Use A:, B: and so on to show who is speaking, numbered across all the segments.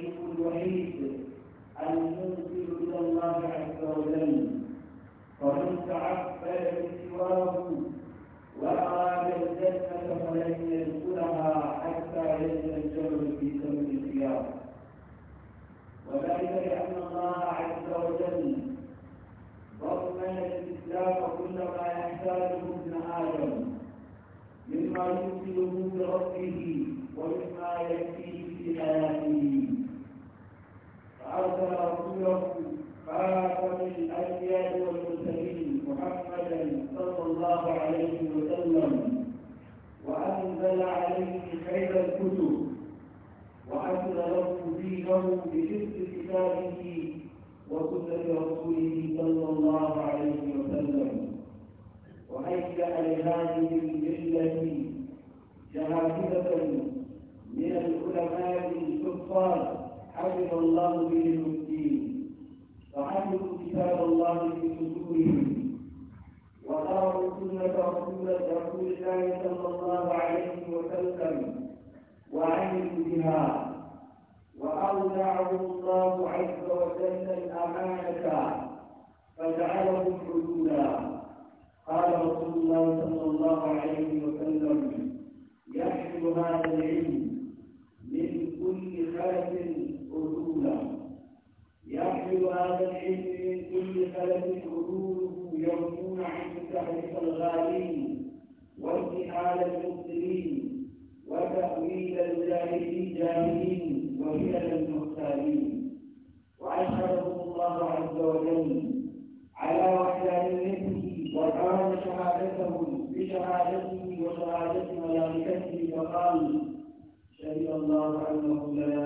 A: الشريك الوحيد المنزل الى الله عز وجل فمن تعبد بسواه واراد الجنه فلن يدخلها حتى يجد الجبل في سم الخيار وذلك لان الله عز وجل ضمن الاسلام كل ما يحتاجه ابن ادم مما يمكنه بربه ومما يكفيه في حياته أرسل رسوله خاتم الأنبياء والمرسلين محمدا صلى الله عليه وسلم وأنزل عليه خير الكتب وأنزل له دينه بجزء كتابه وسنة رسوله صلى الله عليه وسلم وهيأ لهذه الجلة شهادة من العلماء الكفار حفظ الله بهم الدين وحفظوا كتاب الله في صدورهم وقرأوا سنة رسول رسول الله صلى الله عليه وسلم وعملوا بها وأودعه الله عز وجل الأمانة فجعلهم حدودا قال رسول الله صلى الله عليه وسلم يحمل هذا العلم من كل خلف رسولا يحمل هذا العلم من كل خلف حدوده يرجون عن تحريف الغالين وانتحال المسلمين وتأويل الجاهلين وهلل المختارين وأشهدهم الله عز وجل على وحدانيته وقال شهادتهم بشهادته وشهادة ملائكته وقال شهد الله أنه لا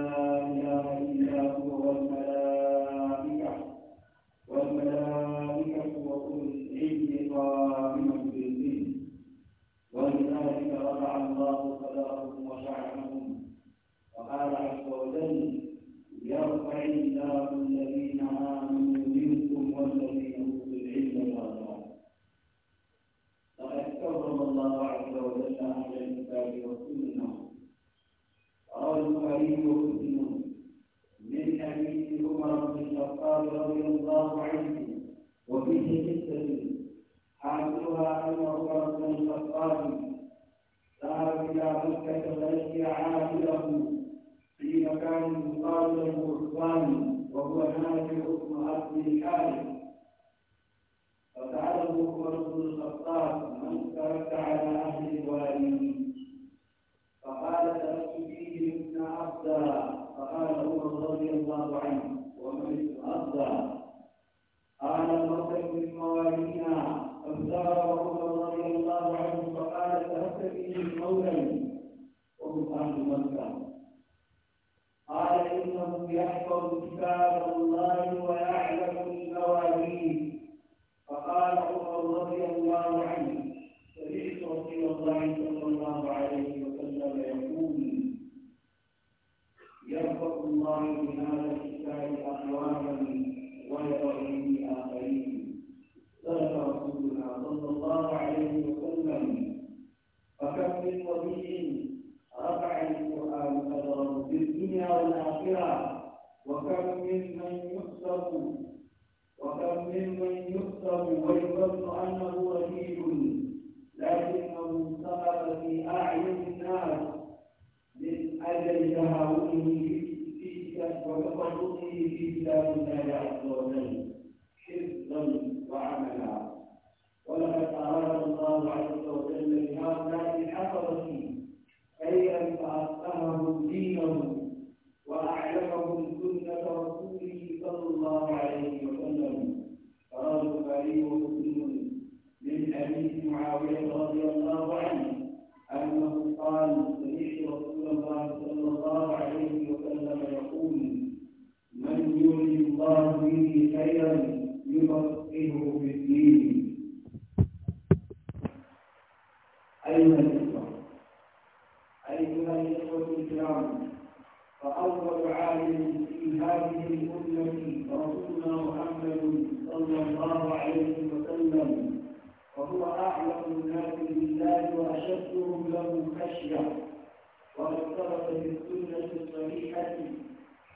A: وما اشترط بالسنة الصحيحة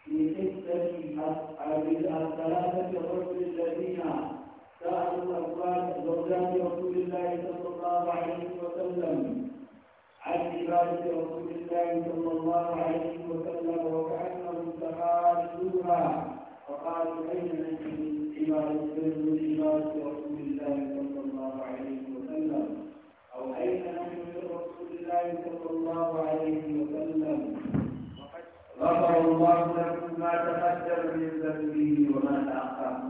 A: في حتة الثلاثة الرجل الذين سألوا أزواج زوجات رسول الله صلى الله عليه وسلم عن عبادة رسول الله صلى الله عليه وسلم وكأنهم تحاجوها فقالوا أين نجد عبادة رسول الله صلى الله عليه وسلم أو أين نجد الله صلى الله عليه وسلم غفر الله لكم ما تقدم من ذنبه وما تأخر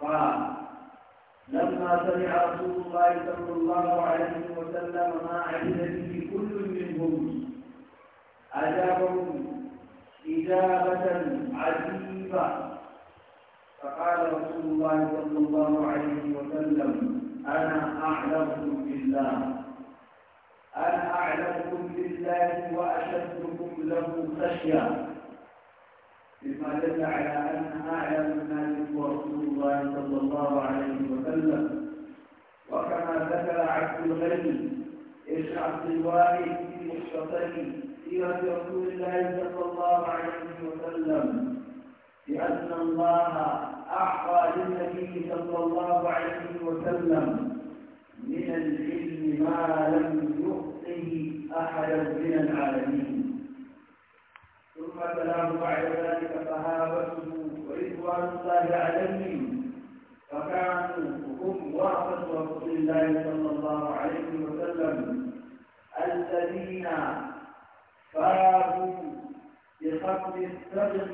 A: قال لما سمع رسول الله صلى الله عليه وسلم ما عمل به كل منهم
B: أجابهم
A: إجابة عجيبة فقال رسول الله صلى الله عليه وسلم أنا أعلمكم بالله أنا أعلمكم لله وأشدكم له خشية مما دل على أن أعلم الناس هو رسول الله صلى الله عليه وسلم وكما ذكر عبد الغني إيش عبد الوارث في مختصره سيرة رسول الله صلى الله عليه وسلم بأن الله أعطى للنبي صلى الله عليه وسلم من العلم ما لم يعطه أحدا من العالمين ثم تلاه بعد ذلك صحابته ورضوان الله عليهم فكانوا هم ورثة رسول الله صلى الله عليه وسلم الذين فازوا بخط السبق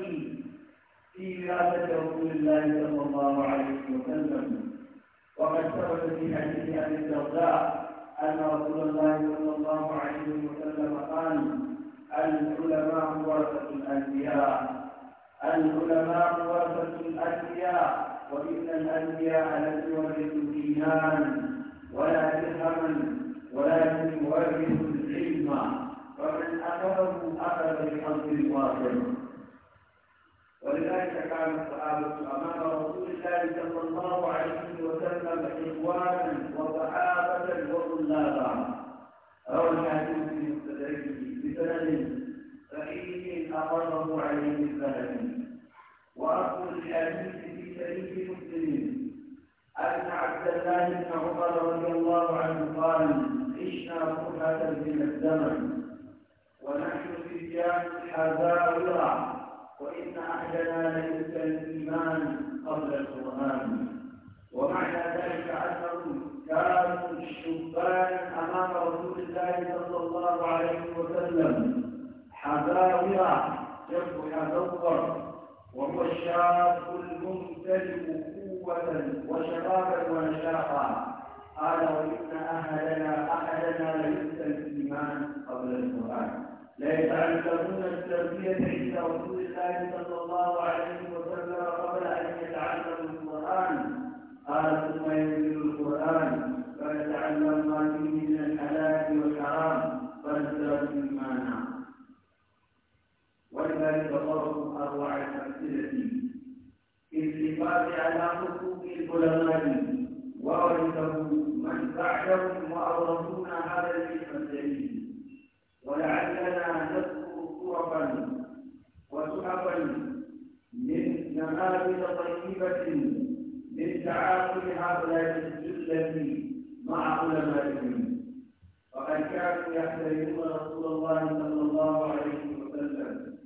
A: في ولاية رسول الله صلى الله عليه وسلم وقد ثبت في حديث ابي الدرداء ان رسول الله صلى الله عليه وسلم قال العلماء ورثه الانبياء العلماء ورثه الانبياء وان الانبياء لم يورثوا الايمان ولا درهما ولكن يورثوا العلم فمن اخذه اخذ بحظ واصل ولذلك كان الصحابة أمام رسول الله صلى الله عليه وسلم إخوانا وصحابة وطلابا روى الحديث في مستدعيه بسند صحيح أقره عليه الذهبي وأصل الحديث في شريف مسلم أن عبد الله بن عمر رضي الله عنه قال عشنا فرحة من الزمن ونحن في حذاء حذاوره وإن أهلنا ليس الإيمان قبل القرآن ومعنى ذلك أنهم كانوا الشبان أمام رسول الله صلى الله عليه وسلم حذاورا جمع حذور وهو الشاب الممتلك قوة وشبابا ونشاطا قال وإن أهلنا أهلنا ليس الإيمان قبل القرآن يعلمون التربية عند رسول الله صلى الله عليه وسلم قبل أن يتعلموا القرآن قال ثم ينزل القرآن فيتعلم ما فيه من الحلال والحرام فنزل مما المعنى نعم. ولذلك ضربوا أروع الأمثلة في الحفاظ على حقوق العلماء وورثه من بعدهم صفة من تعامل هؤلاء الجلة مع علمائهم وقد كانوا يحترمون رسول الله صلى الله عليه وسلم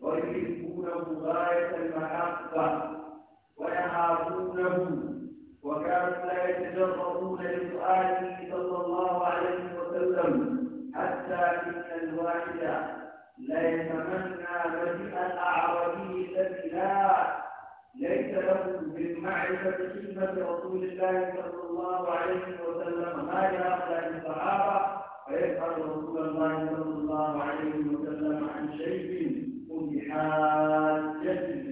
A: ويحبونه غاية المحبة ويعافونه وكانوا لا يتجرؤون لسؤاله صلى الله عليه وسلم حتى إن الواحد لا يتمنى مجيء الأعرابي الذي لا ليس له من معرفة سنة رسول الله صلى الله عليه وسلم ما يرى من الصحابة فيسأل رسول الله صلى الله عليه وسلم عن شيء وبحاجته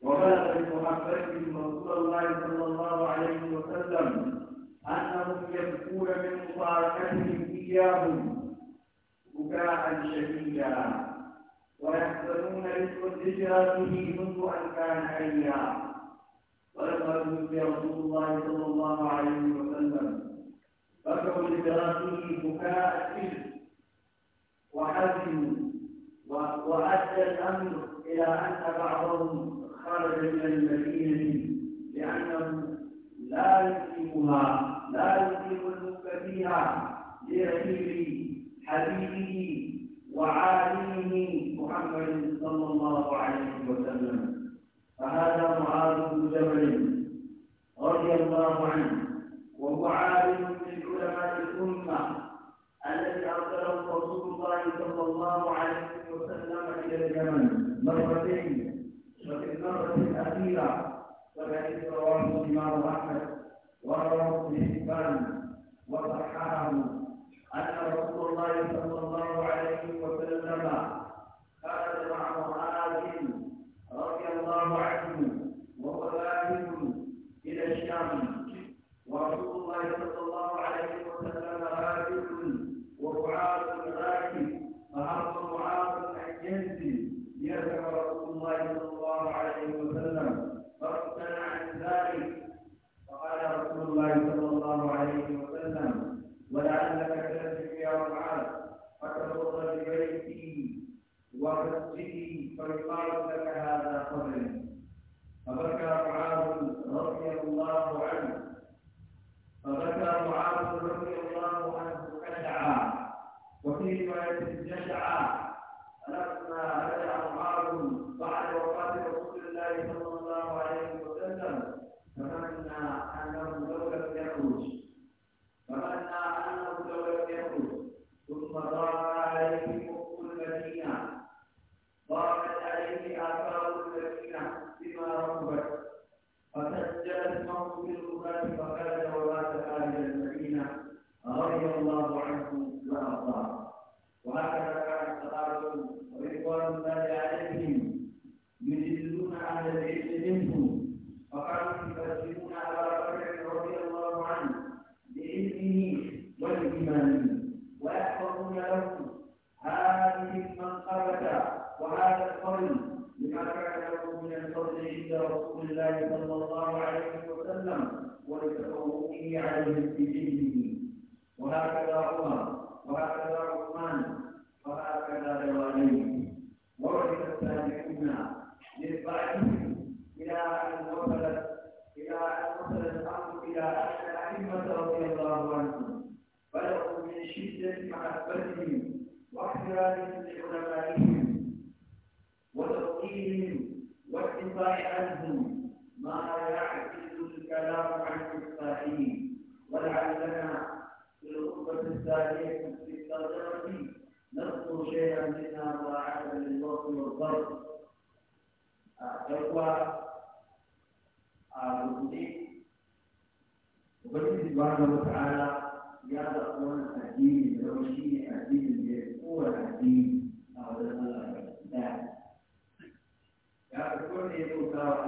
A: وبلغ بمحبتهم رسول الله صلى الله عليه وسلم أنهم يبكون من مباركتهم إياهم بكاء شديدا ويحسبون رزق به منذ أن كان حيا ولما توفي رسول الله صلى الله عليه وسلم بكوا لفراقه بكاء السجن وحزنوا وأدى الأمر إلى أن بعضهم خرج من المدينة لأنه لا يسلمها لا يسلم الملك فيها ليعيب حبيبه وعالمه محمد صلى الله عليه وسلم فهذا معاذ بن جبل رضي الله عنه وهو عالم من علماء الأمة الذي أرسله رسول الله صلى الله عليه وسلم إلى اليمن مرتين وفي المرة الأخيرة فبحث رواه الإمام أحمد ورواه ابن حبان وصححه أن رسول الله صلى الله عليه 兄弟们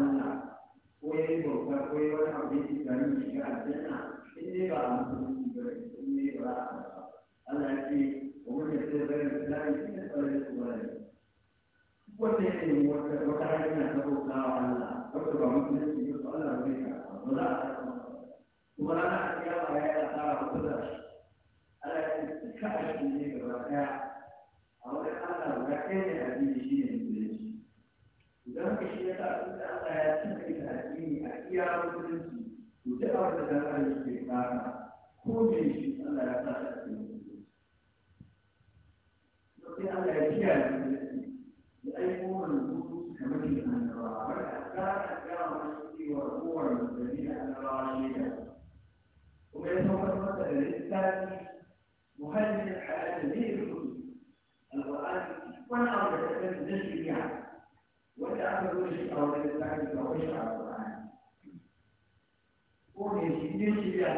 A: Allah ko ya yi bauta ko ya wani abu yake gani ya shiga aljanna in dai ba a musulunci ba in ba a Allah ya ce wa mun yadda da bayan islami shi ne su ba ne wanda ya yi wata hanya ta bauta wa Allah wanda ba musulunci ba Allah zai ka ba za a kuma rana a kiyama ya yi asara ba da shi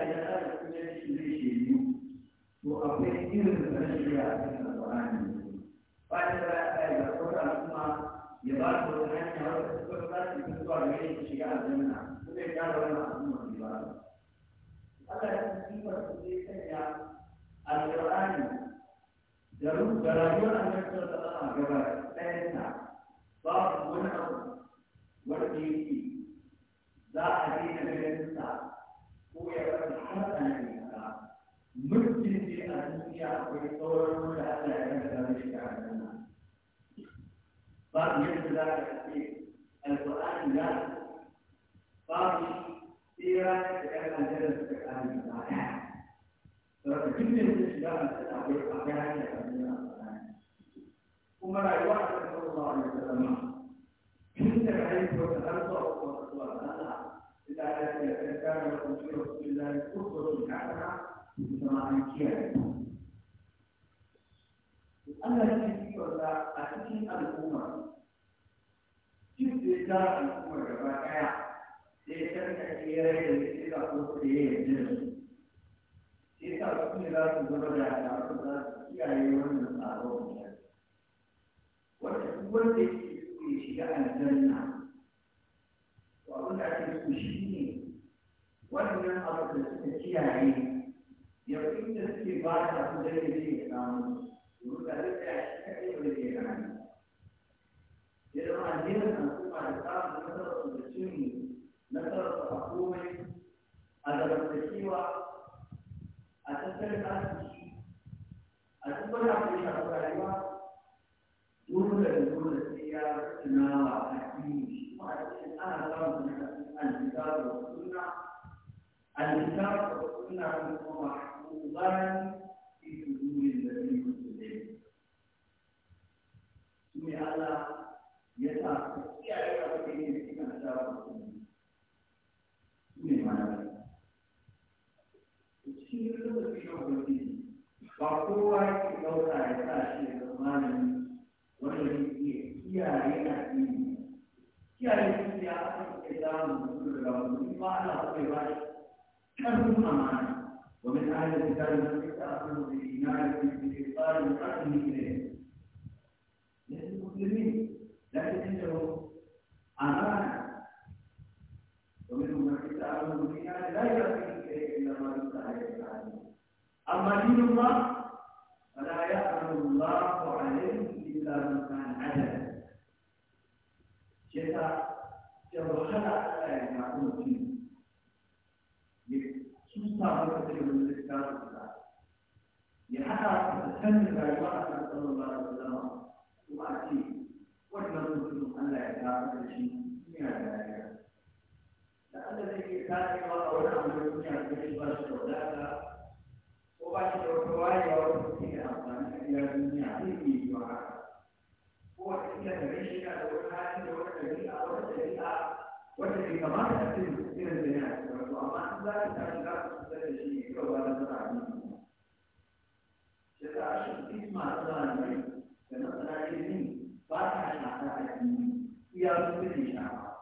A: ya tsara kusanci na shiriyu to akwai irin da a ya ga kawai al'umma ya ba su wata hanya wata suka za su yi zuwa ya su babu wani abu za a daina sa ko ya bari har a nisa mulkin ne a duniya akwai sauran wanda Allah ya rasa da shi a duniya ba yadda za ka ce alƙur'ani ya ba shi tsira da ƴan ajiyar suka kare ba ɗaya saboda duk da yake shiga a cikin akwai akwai hanyar a duniya kuma rayuwa a cikin sallallahu alaihi wasallam tun daga haihuwar har الآية التي كان لكم في رسول الله أسوة حسنة لمن كان Allah shi ne wanda a cikin al'umma duk da ta al'umma gaba ɗaya da ya canza ke yare da ya ce ko da ya yi da su. Sai sa su ne za su zama da al'adu za su kiyaye wannan tsaron mutane. Wanda duk wanda yake so ya shiga aljanna وأقول لك المشركين وأن أرد الشيعي يقين الاستيقاظ أقول لك الإسلام يقول لك أشتكي بالإيمان إذا ما عندنا حكومة الإسلام نصر السني نصر الحكومة أدب التشيوع أتسلم أسمي أتسلم أسمي أتسلم دولة دولة سيارة نار أكيد ما أتسلم أنا أرى أن الكتاب والسنة الكتاب والسنة محفوظان في صدور الذين يسلمون ثم الله يسعى يعرف كيف يكون الكتاب والسنة ثم معنى cikin lokacin shagwabi ba kowa ke ɗauka ya sa shi da malami wanda ke kiyaye na ilimi kiyaye ne ya haɗa da zamu da wani ba Allah ko ba kan amana ومن أهل الكتاب من يتأخذ بالإيمان بالإقرار بقلبه إليه ليس المسلمين لكن عنده أمانة ومنهم من يتأخذ بالإيمان لا يأتيه إليه إلا ما يستحق عليه أما دين الله wahala Allah ya zaɓi mutum ya cusa masa ilimin littafinsa ya haɗa da canza rayuwa a kan sallallahu alaihi wasallam kuma a ce wannan mutum Allah ya zaɓi da shi yana da rayuwa da Allah zai iya karewa a wani abu da duniya da shi ba shi da wadata ko ba shi da wata wayewa wata take da amfani a iya duniya zai iya yi wa haka ko wata iya da rashin da wani hali da wata ɗabi'a wata والتي كمان تأتي من الجهات والأمان لا تتعلق بالشيء أو على التعليم شتاعش اسمع الله فنقرأ علمين فاتح شعر علمين يا ربي شعر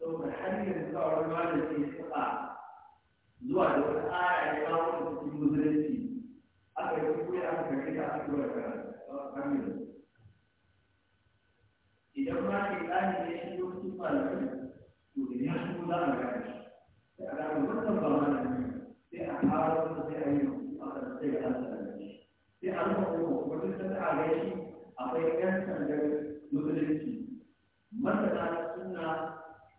A: ثم الحديث بتاع الرجال في استقاع زواج والآية يقول في مدرسي أكيد يقول أكيد كذا أكيد كذا كمل إذا ما في الآن يشوف ثم الفيلم to da ya shigo za a gane shi da alamun wannan ba mana ne sai a fara wata sai a yi a kan sai a halatta shi sai a rufe kuma wani ta ta ga shi akwai yan sandar musulunci masana suna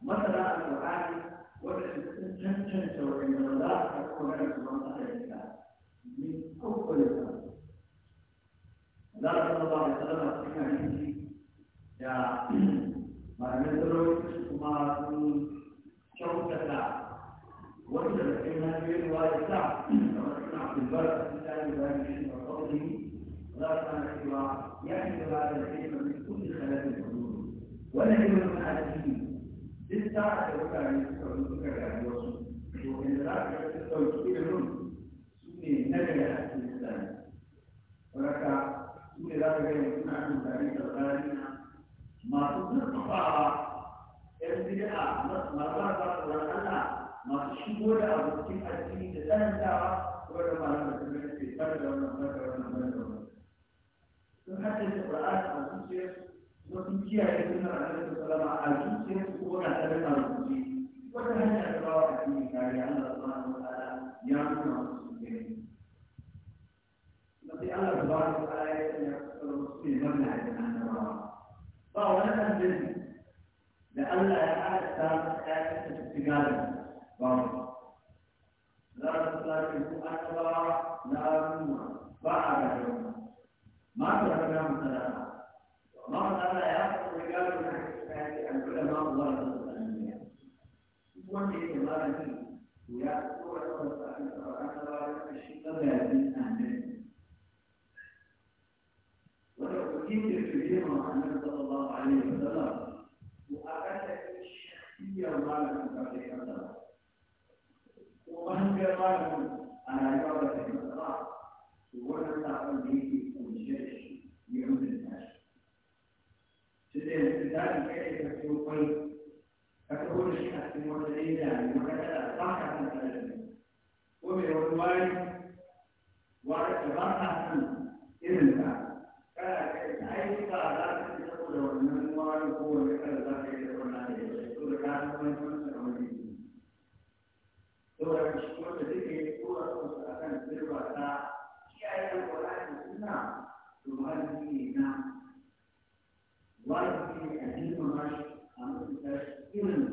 A: masana alƙur'ani wanda sun cancanta wanda za a karɓi magana su ban asalinta min kokolta za a zama ba da salama cikin hadisi da malamai sun rawaita kuma sun kyautata wanda da kai na biyar ruwa ya sa kamar suna kulbar a cikin tarihi da ya shi a kawai za su ana cewa ya yi gaba da kai na mai kudi halafin kudu wannan ilimin na addini duk sa'a da mutane suka zo suka rayuwarsu to inda za ka ga ɗauki ilimin su ne na daga cikin islami. Waraka su ne za ka ga yanzu suna yin tarihi da tsari na masu zurfafawa yan bid'a masu marasa masu shigo da abu cikin addini da tsanantawa kuma da malamin da kuma ke tare da wannan barka wannan sun a kuma sun kiyaye a kuma na tare da rubuci wata hanya da bawa kariya ya nuna Allah ya ne فأولا أنزل لئلا يعاد حياة التجارة بعض لا تتركوا أكبر نارهما بعد يوم ما تركنا مثلا الله تعالى يأخذ الرجال من حياة أن كل ما الله رسول الأنبياء ومن يتبارك ويأخذ أكبر الشيطان الذي أنزل ولو كنت تريدون أن عليه وسلم وأكثر الشخصية مالك عليه وسلم ومن جماله على جودة المسرح ولا تعقل به كل شيء يعود الناس سيدي لذلك كيف تقول فتقول الشخص المعتدين وكذا صاحب الأجنبي وبالعنوان وارتباطها saboda shi da duka ya tsora kansu a kan sirba ta kiyaye alƙur'ani suna to wajibi ne na wajibi ne a girmama shi a mutunta shi irin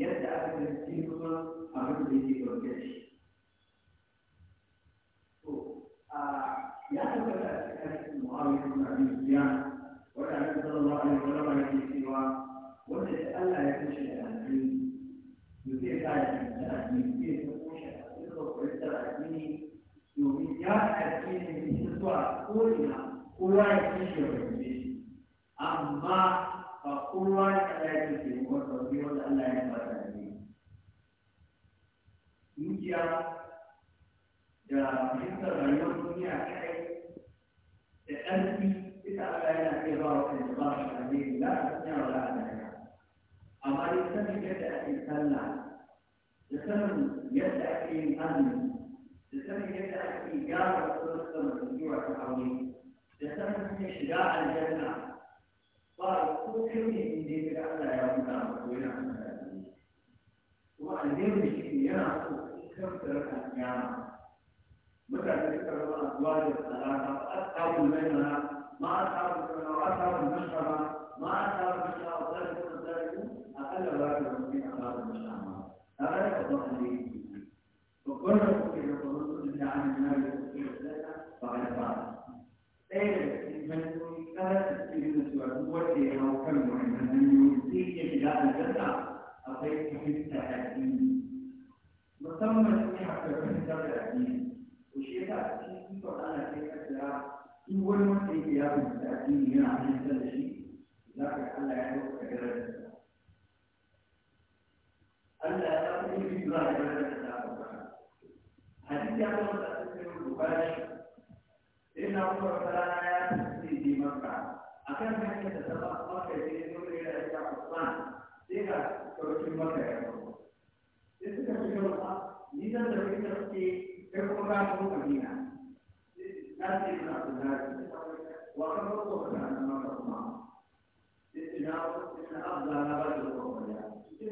A: yadda aka ga girma abin da yake ɗauke shi. To, ya tabbata a cikin hadisin Muhammad ibn Abi Sufyan wanda Annabi sallallahu alaihi wa yake cewa wanda Allah ya kashe zai sa ya fahimci addini zai sako shi a cikin fahimtar addini domin ya addini ne ta zuwa ko'ina kowa ya fi shi ya fahimce amma ba kowa ya kada ya ke taimakon sauki wanda Allah ya fara ne. Dukiya da fahimtar rayuwar duniya kai da ƙarfi ita Allah yana iya ba wa kai da ba shi alheri la a tsaya wa la'adaka amma dai sanin yadda ake sallah لسبب يدعي فيه الأمن لسبب يدعي فيه جارة الرسل والجوع العظيم لسبب فيه شجاع الجنة قال كل كلمة من ذكر الله يا رب وينعم وعلمني شيء ينعم كم ترك القيامة متى ذكر الله أزواج الثلاثة أصحاب الميمنة ما أصحاب الميمنة وأصحاب المشربة ما أصحاب المشربة وذلك وذلك أقل واجب من أصحاب المشربة أغلق الله ليه وقرر في الرسول صلى الله عليه وسلم فقد فعل ثالث من كانت في النسوة هو اللي هو كم مهم من يوصيك إلى الجنة أعطيك في التحديد مصمم في حتى في التحديد وشيء في القرآن في الأسرع هو المسيح يا ابن التحديد هنا عن هذا الشيء ذاك الله يعرف كذلك Allah ya fi yi zuwa da wannan da ta ba. Hadisi ya kuma da cikin Bukhari ina kuma fara ya tafi di maka akan hanyar da ta ba maka ne dole ya aika Usman sai ka sauƙin maka ya ba. Sai suka ce wa ni zan da kai da ke kai kuma ka mu Madina. Na ce ina Abdullahi wa kan ko ka na maka kuma. Sai ina ina Abdullahi ba da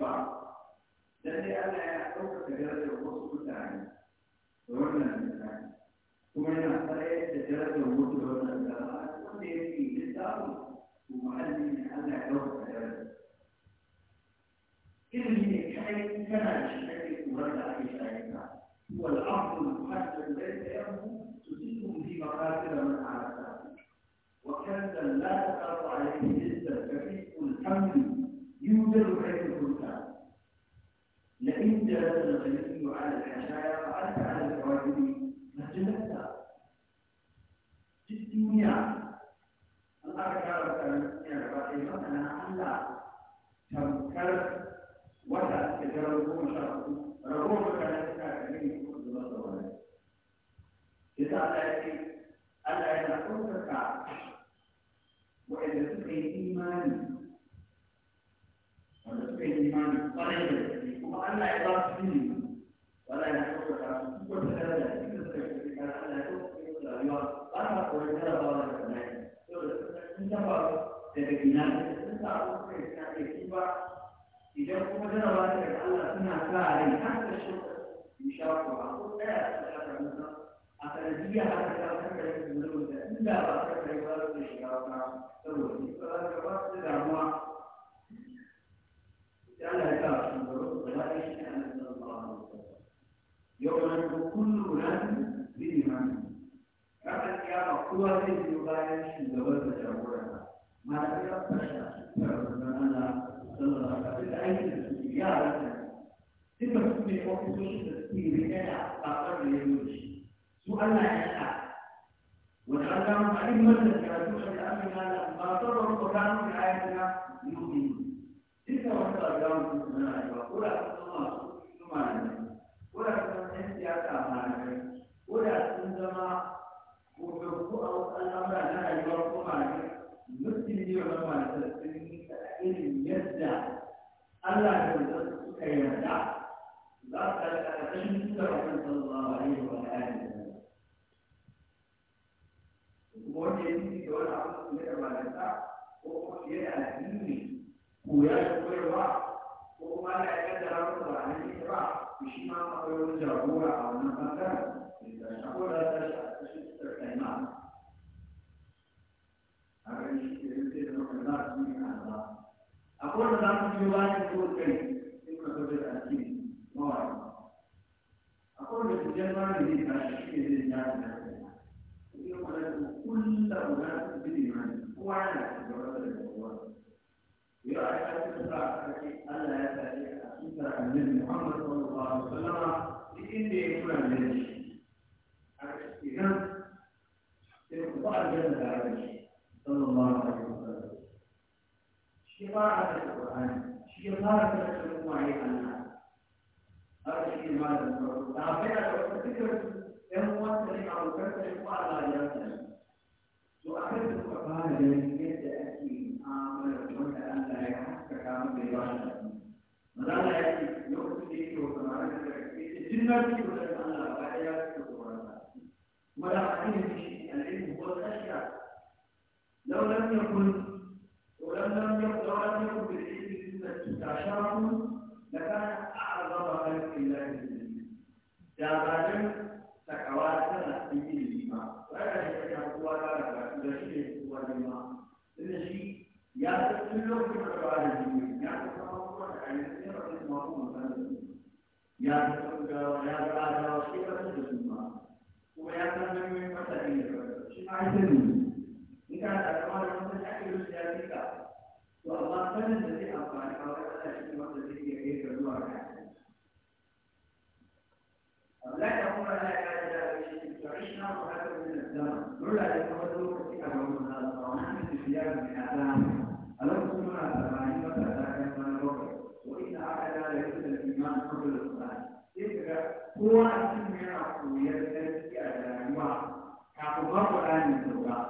A: بعض لأن أنا أوقف تجارة الوصول والتعامل وأنا الإنسان ثم أنا أخطأت تجارة الوصول والتعامل وأنا يبكي للدار ومعلم من أنا أوقف تجارة كلمة كحي كما شكلت ورد على شايفها هو الأرض المحدد ليس يمه تزيدهم في مقاتل من على ذلك وكذا لا تقاطع عليه جدا ففيه الحمل يوجد لئن جلس الغني على الحشايا فأنت على الحواجب مسجدك في الدنيا الأركان الدنيا الرحيمة أنا ألا تنكر ولا تجربون شرطه ربما كان يتكلم كل الله إذا لا ألا يكون وإذا تكي إيماني وإذا تكي إيماني طريقة kuma ya ba ta ba da ta idan kuma jarabawa daga Allah suna sa rai da shi insha Allah ko a da kan da ba ka ka ba kowa zai biyo bayan shugaban da jagoran sa malamai ya fasha tarzan Allah sallallahu alaihi da aikin da suke yaran sa duk da su ne ofisoshin da suke rike da bakar da ya zo shi su Allah ya sa wani an gano a ɗin wannan karatu da ta amina da ba sauran ko ta nuna ayatuna yuki duka wani ba za mu kuma na rayuwa ko da sun zama su malamai ko da sun san siyasa malamai ko da وحقوق الأمر لا يوافق عليه مسلم يعلم تسليم فإن يدع ألا يوجد كيدع ذاك الأشم صلى الله عليه وآله وجدي دولة عمر مالتا وقصير أديني ويا شكرا وما لا يدرى رضا عن الإسراء بشما ما يوجد جابورا أو نفسا إذا شكرا تشكرا أقول لك أن الجوال يقول كيف يمكن أن أقول لك الجمال الذي تشكي للناس يقول لك كل أولاد بالإيمان هو على يرى أن تسرع ألا يتأتي محمد صلى الله عليه وسلم لإن يكون عليه إذا sallallahu alaihi wasallam شفاعة القرآن شفاعة الأمة عنها هذا شيء ما نذكره تعبير الفكر يوم وصل أو كسر على يسر وأحد الفقهاء الذين يأتي عامل ولا أن لا يحقق كلام بيان ولا يأتي يؤتي وكمان الجنة ولا أن لا يأتي ولا أحد العلم هو الأشياء لو لم يكن ولو لم يكن لو لم يكن بالعلم استعشاره لكان أعظم خلق الله بالعلم جابان تكواتنا بالعلم وأنا شيء هو ذلك ولا شيء هو لما إن شيء يأتي كل يوم بكواتنا بالعلم يأتي كما هو العلم يأتي كما هو العلم يأتي كما هو العلم يأتي كما هو العلم ويأتي كما هو العلم كان كمان مثل أكل ذلك والله فلن الذي أفعل أو أنا شيء مثل الذي يكيد الله لا تقول لا إله إلا الله عشنا وهذا من الزمن ولا يتمدوا في أمر من هذا ونحن في زيادة من أعلام ألم تسمع الأماني وتأتاك من الربع وإن أعلى يكون الإيمان قبل القرآن إذا هو من قوية التي أعلى كعقبات الآن من الزوجات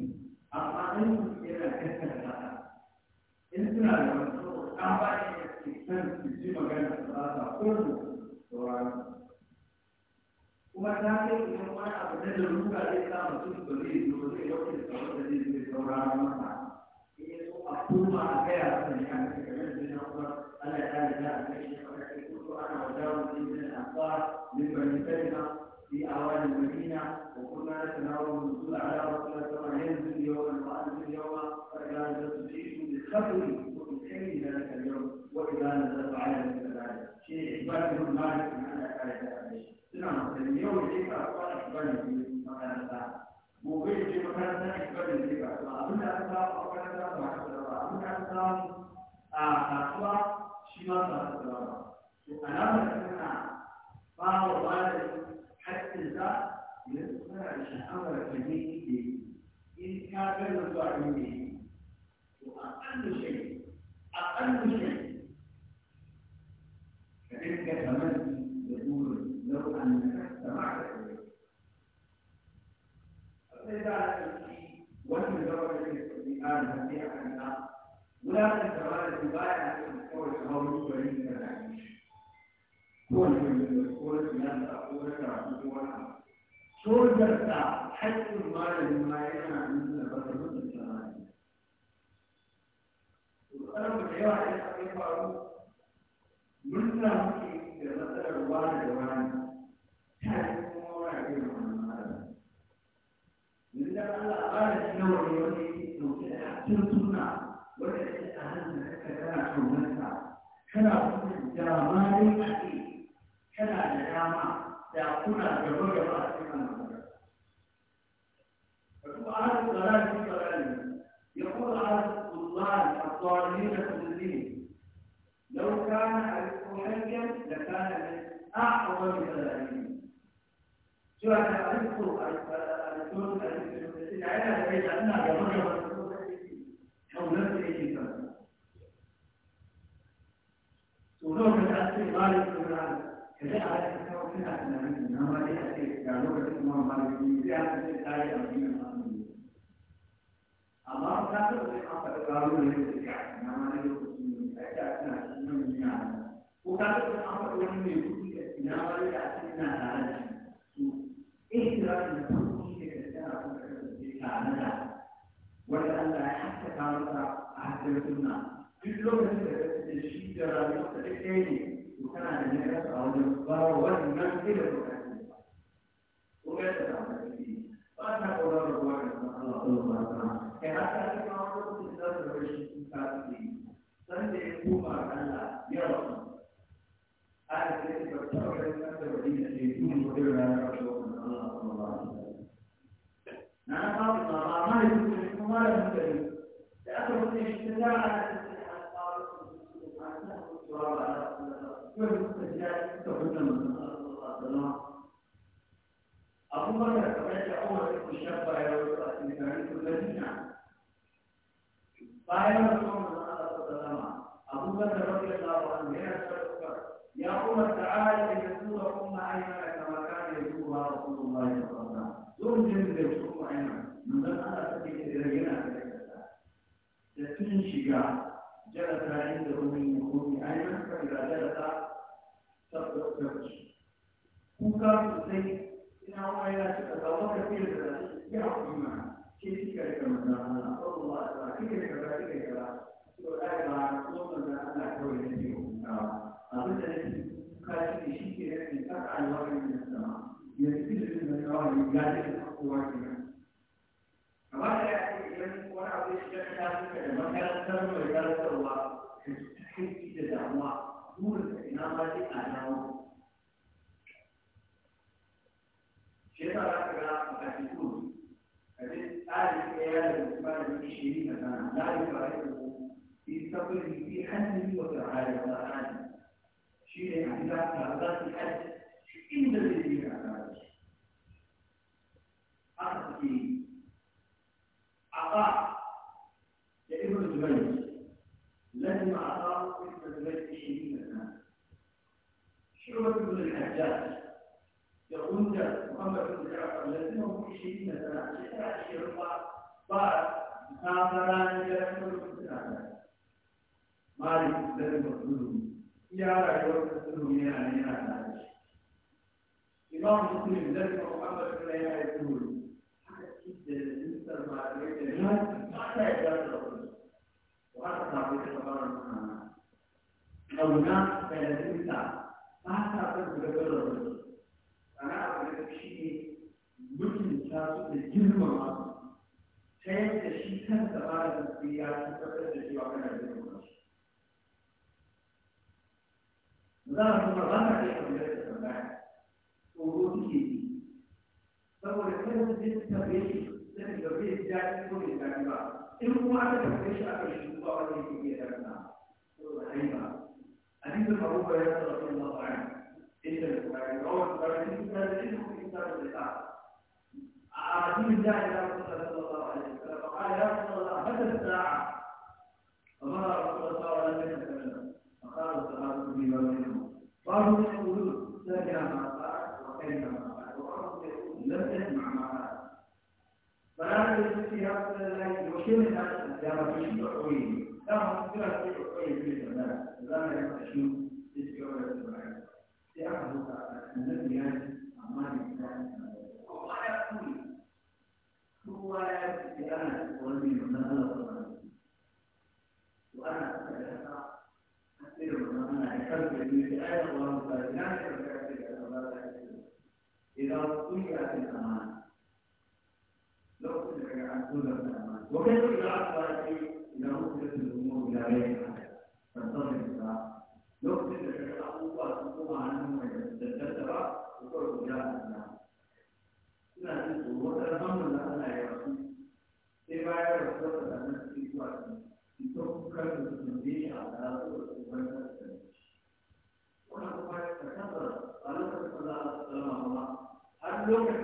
A: amma in yana kasar da in suna da wasu ƙafa ne ke san su ji magana su ba sa kurmu sauran kuma ta kai idan wani abu na da ruka zai sa mutum ba zai zo zai yauke da wanda zai zai saurara masa in ya so a koma a gaya su ne a cikin kamar da na kuma Allah ya riga a kai shi kamar da kuma ana wajen mutum da alfa min bani kalma في أعوان المدينة وكنا نتناول النزول على رسول بلد مالك من أنا أعرف سنة اليوم كيف أصبحت بلد في مكانها موبيل في مكانها بلد في أصبحت من أصبحت مكانها ما أصبحت من أصبحت أصبحت شما أصبحت وأنا مثلنا فهو والد حتى ذا يسمع عشان أمر كبير إن كان بلد ضعيف وأقل شيء أقل شيء شركة أمانتي يقول لو أنك سمعت إليه فإذا أتي وأن درجة الآن هذه عنا ولا تتوالى تبايع الكورس أو نقولين كذلك هو الكورس لا تقول كرامته ولا شولدر تا حتى المال ما ينا عندنا بطلت الثمانية وأنا بحيوة على الحقيقة murna muke da matsalar wani da wani ta yi kuma wani da wani matsala yadda Allah ba da shi yake suna wanda a hannun kana kana da dama da kuna gaba gaba a cikin أعظم من العلم شو أنا أذكر الدكتور العلم ليس أنها يضر أو نفس أي فن ونوع من الأسئلة غالب من العلم كذلك على الكتاب من العلم إنما لي أسئلة كانوا يسمون مالكين في هذا الداعي أو دين الأمين الله تعالى يقول قالوا لي إنما لي أسئلة كانوا يسمون مالكين في هذا الداعي أو دين الأمين وكانوا يقولون
B: أعمال المال المكلف
A: لأنه الاجتماع على أبو بكر سمعت عمر بن الشاب يقول سمعت الذين قال رسول الله صلى الله عليه وسلم أبو بكر رضي الله عنه يا عمر تعالى لتزور أم أيمن كما كان يزورها رسول الله صلى الله عليه وسلم زور manzon Allah ta ce da yana da da tun shiga jalasa inda wani ya komi ainihin kan da jalasa saboda kanci kuka sosai ina wani yana cika sabon da fiye da ya haƙuri ma ke shi ka rika manzon Allah sallallahu alaihi wa ka kike da kaza kike da kaza to dai ba ko manzon Allah kawai ne ke hukuntawa abin da nake kuka shi ne shi ke rike saka alwarin da sama da shi da ya ce kowa kenan amma da ya ce wani abu ya ta da makarantar mai damuwa ina ma dai a dawo shi yasa ka ga a cikin abin da da za su عطاء لابن جبير لازم عطاء ابن جبير عشرين سنة شعبة بن الحجاج يقول ده محمد بن جعفر لازمه عشرين سنة شهر عشرين بعد مخابران يرسل بن سنة مالك لازم الظلم يا رجل الظلم يا نهاية إمام مسلم لازم محمد بن يحيى الظلم وأكثر في الحضارة المسلمة لو ناس ثلاثين ساعة ما حتعرف تقدر أنا أعرف شيء ممكن تشوف الجنة شايف الشيء كان تبارك في عشرة الشيء وكان الجنة ظهر في مظاهر في حملات السماء وجود شيء فهو يحتاج إلى تغيير لكن لو في إزداد كل الأنواع in kuma aka tafi shi aka shi ba wanda yake iya karanta saboda haifa hadisin Abu Hurairah radiyallahu anhu inda Bukhari rawa Bukhari in kana da ilmu in kana da ta a hadisin da ya rasu sallallahu alaihi wasallam qala ya rasulullah mata sa'a amma rasulullah sallallahu alaihi wasallam فقال الصحابة لي ومنهم قالوا يقولون سمع ما قال وكيف ما قال وعرفوا لم يسمع ما قال فلا يجوز وشين الأسئلة يا ربي عقولي لا مستطيع عقولي في الجنة لا يعرف شو يسكر السماء يعرف النبي عمان الإنسان هو يقول هو أنا ولي من الله وأنا أسير من أنا أحب الآية والله إذا طيعت الأمان لو كنت عن كل وكيف إذا أصبح إلى مسلم الأمور إلى غيرها تنتظر الساعة يقصد أن الأقوى تقوم عنه وتتسرع وكل جاهز لها لا تنسوا الحمد لله أنا يا رسول كيف يا رسول الله أنا في وقت يتوقع المسلمين على طول الأمور ونحن نتكلم على الله سبحانه وتعالى هل يمكن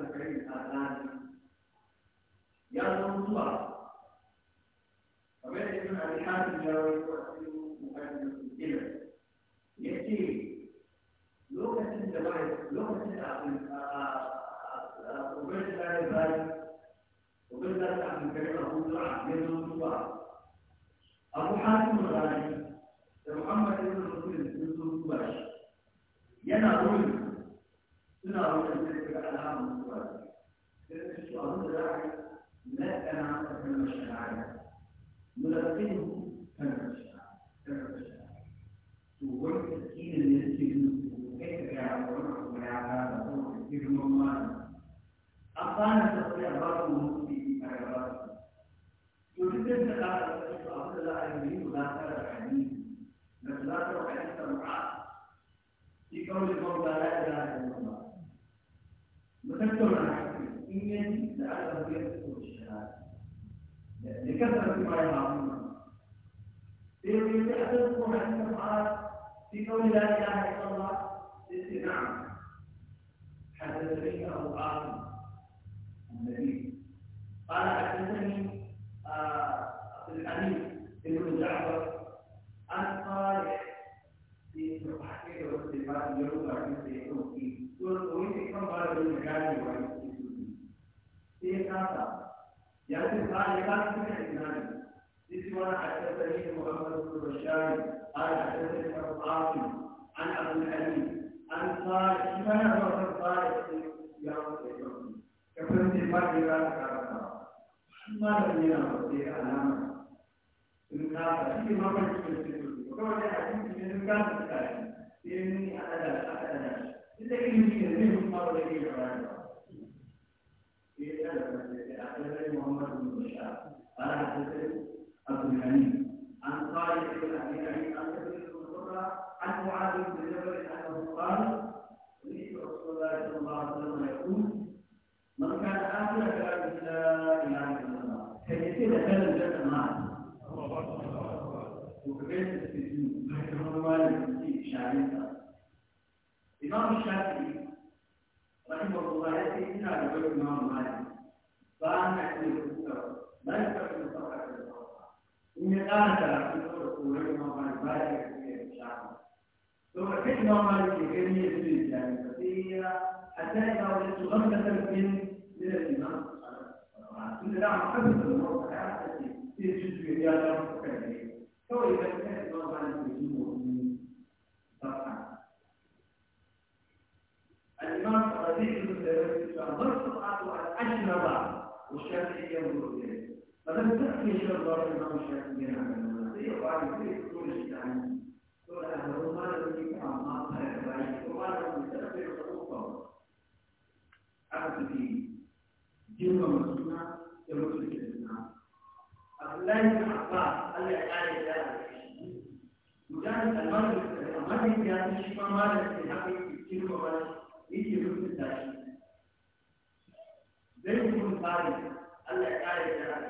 A: الكريم الأذان يأمر الله وبين ابن أبي حاتم يروي مقدمة الجبل يأتي لغة الزواج لغة وبين ذلك وبين ذلك عبد الكريم أبو زرعة يأمر الله أبو حاتم الغالي محمد بن مسلم بن سوباش ينا رجل سنا رجل على العالم نلقنه كما شاء كما شاء والتسكين اللي يسكن كيف يعرف ويعرف كثير من الله أقام تستطيع بعض المسلمين على بعض يريد أن تقال لا يريد لا ترى الحديث بس لا ترى حديث المعاصي في قول المولى لا إله إلا الله وتذكر عن حديث إن يجب لعله يرجع لكثرة ما يفعلون في أحدثكم عن السمعات في قول لا إله إلا الله نعم حدثني أبو عاصم النبي قال حدثني آه، عبد الحليم بن جعفر عن صالح في صححه والصفات يروى عن سيكون في سورة ويتكم على المكان وعن سيكون في هذا يعني قال كان من الإمام إذ وانا حدثني محمد بن بشار قال حدثني أبو عاصم عن أبو الحليم عن صالح كما هو صالح يا رب كفرت المرء لا تعرف ما لم ينام في أنام إن كان في مرة تشتري وكما جاء حديث من كان مستعد إني أحدث أحدث إذا كان يمكن أن يكون مرة لديه إيه أنا أحدثني محمد قال حدثني عبد الحميد عن صالح بن ابي سعيد عن سبيل بن عن معاذ بن جبل انه قال سمعت رسول الله صلى الله عليه وسلم يقول من كان اخر كلامه لا اله الا الله كان يصير هذا الجنه معه وكبير السجن رحمه الله في شعبيته الإمام الشافعي رحمه الله يأتي إلى رواية الإمام مالك فأنا أقول ما يفرق من صفحة إلى صفحة إن الآن في طرق وليس ما مالك في الشعب ثم كيف مالك في جميع الإسلام فهي حتى إذا وجدت غملة من من الإمام إن لا محبة المرضى حتى في الجزء يا رب كريم سواء كان ما مالك في جمهور صفحة الإمام الرزيق بن سلمان ضرب صفحته عن أجل بعض والشافعي فلما تأتي شر الله الإمام الشافعي عن المنافق وعن كل كل شيء عنه قال أهله ما الذي كان ما قال بعيد وما الذي تأثر حقوقه عبد في جملة مسلمة يرد في الإسلام لا يتحقق الإعلان لا مجرد المرء المرء يعني شيء ما مالك في حقه يجيب يجي يرد في الداخل زي ما قال الله يعلم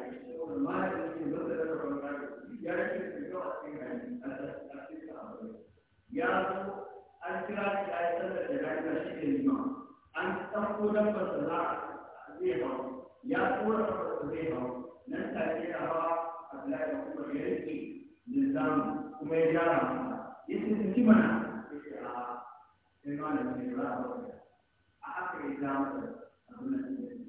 A: ya zo an kira shi a yi da rayuwa shi ne lima an ɗauko dabbar da za a zai hau ya tsora dabbar da zai hau nan da hawa a bilaya kuma ya rike nizamu kuma ya gyara masa ya ce sun ci mana ya ce a sai ma da a a haka ya ja a abin da ya ce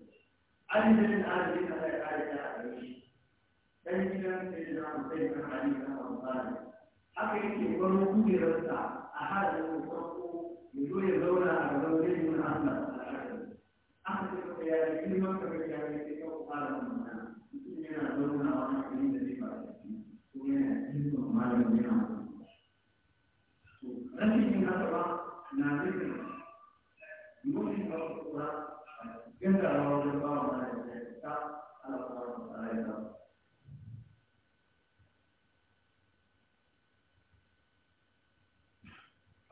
A: adadin adadin da ya kare ta a shi dan gidan sai da zamu sai hali aka yi kekwaron kujerarsa a halin farko ya zo ya zauna a gaban zai nuna Allah a shakaru. Aka ce kuma ya yi girman kamar ya yi ke kawo fara mana mutum yana zauna a wani abin da zai fara ciki ko yana jirgin malamin yana mutum. To, rashin yin haka ba na nufin mutum ba kuwa gangarawa wajen ba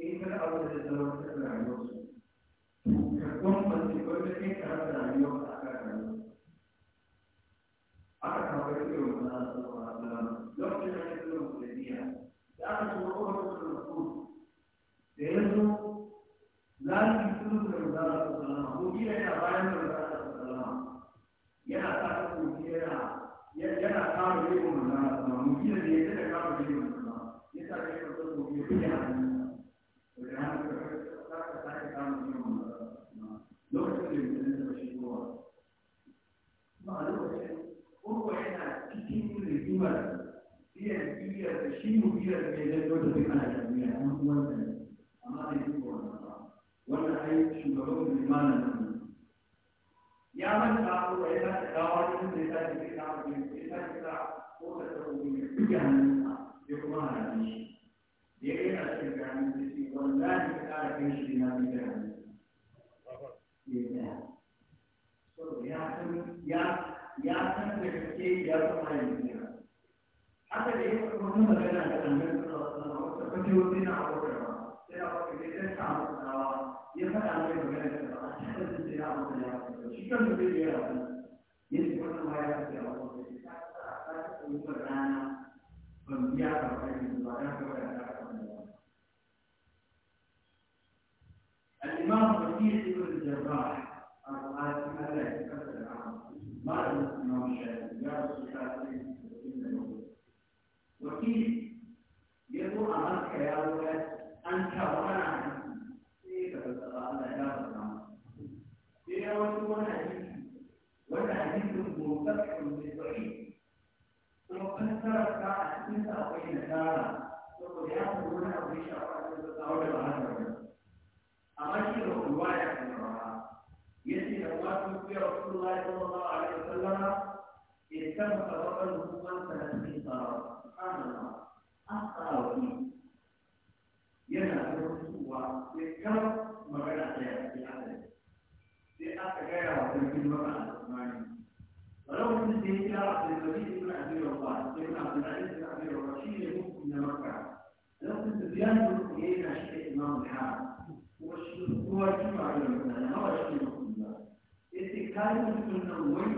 A: in kana abu da zama ta rayuwarsu ka gwamnati wanda kai ka rasa rayuwa a kan rayuwa aka kawo ya ce wa na zuwa zama lokacin da ya zuwa musulmiya da aka zuwa kowace da ya zo zaman da na so yana da dawa cikin da ya sa ke na abu ne ya sa ke sa ko da ta rubu ne duk ya hannunsa ya kuma hannun shi da ya yana cikin gani da shi wallahi ya ƙara kai shi na bi da hannunsa. Ya san ya san da kake ya san hannunsa. Haka da ya kuma magana da hannunsa wata fasihohi na abokan ba sai abokan ya san samun tsawa ya faɗa mai كم باليوم يسبحون ويسبحون ويسبحون ويسبحون ويسبحون الإمام وكيل بن الجراح القاسم عليه كفر العام ما الإمام الشافعي يا رسول الله وكيل يقول أمامك يا رسول كان ترى هو ثلاثين صار سبحان الله أخطأ فيه yana da rutuwa sai kar magana ta yi ake adali sai aka gaya wa sarkin maka al'umani walau mutum da ya kira a sarkari da suna ajiyar ruwa sai suna tunani da suna ajiyar ruwa shi ne mutum na maka lokacin da biyan da mutum ya yi na shi da imamu da ha kuma shi kowa shi ba da mutane hawa shi ne mutum ba sai sai kayan mutum nan wani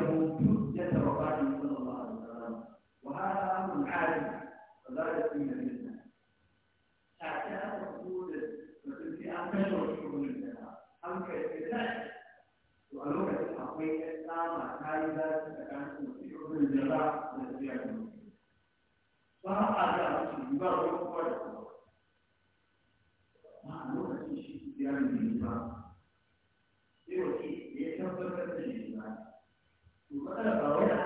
A: له حجة وقاته صلى الله عليه وسلم وهذا أمر عالم فذلك من الجنة حتى تقول مثل في أن تشعر شعور الجنة أم كيفتاح وألوك الحقيقة الإسلام كايدة كانت شعور الجنة التي يكون فهذا يبرر قوته ما ألوك الشيء يعني Bueno, ahora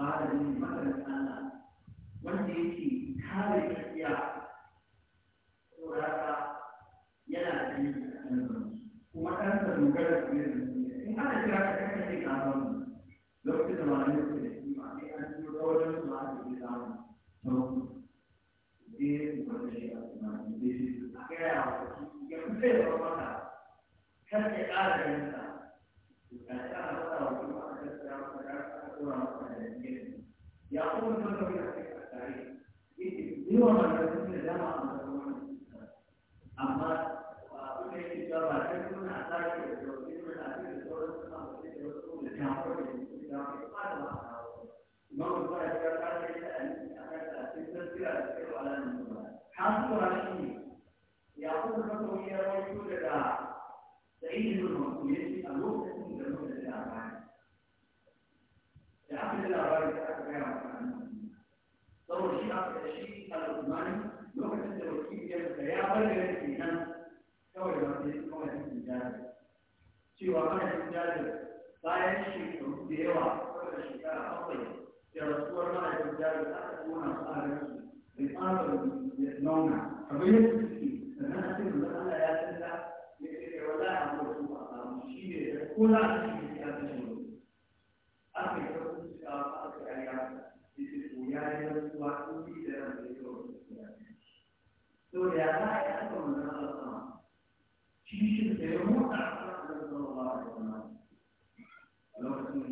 A: malamin da Allah wanda yake kare gaskiya ko raka yana da yi kuma ɗan da dogara da yi in ana kira ka kan kake kama mu lokacin da malamin su da kima ne an yi rawar su ma da ke samu sauku zai su da shi a kuma zai shi a gaya wa ya fi zai ba mata kan ya ƙara ganin sa da ƙara ba Yeah. gaya saboda shi a shi al'ummani lokacin da wakili ya kawai da wani kawai da cikin jari cewa ana cikin jari bayan shekaru da yawa saboda shekara bakwai da rasuwar mahaifin jari aka tona su a ransu bai tsara da nauna kamar yadda suke ya yi rantsuwa sun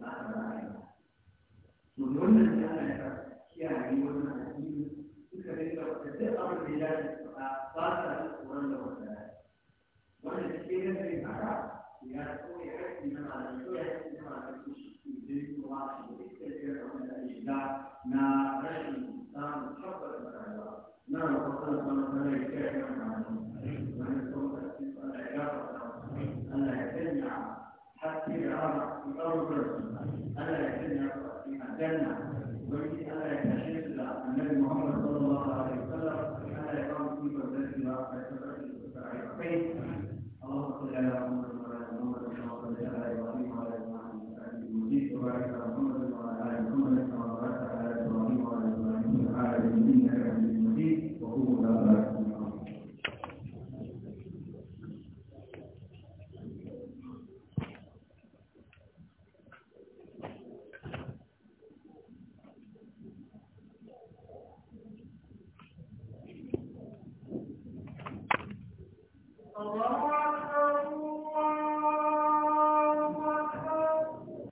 A: mà muốn mình Gracias.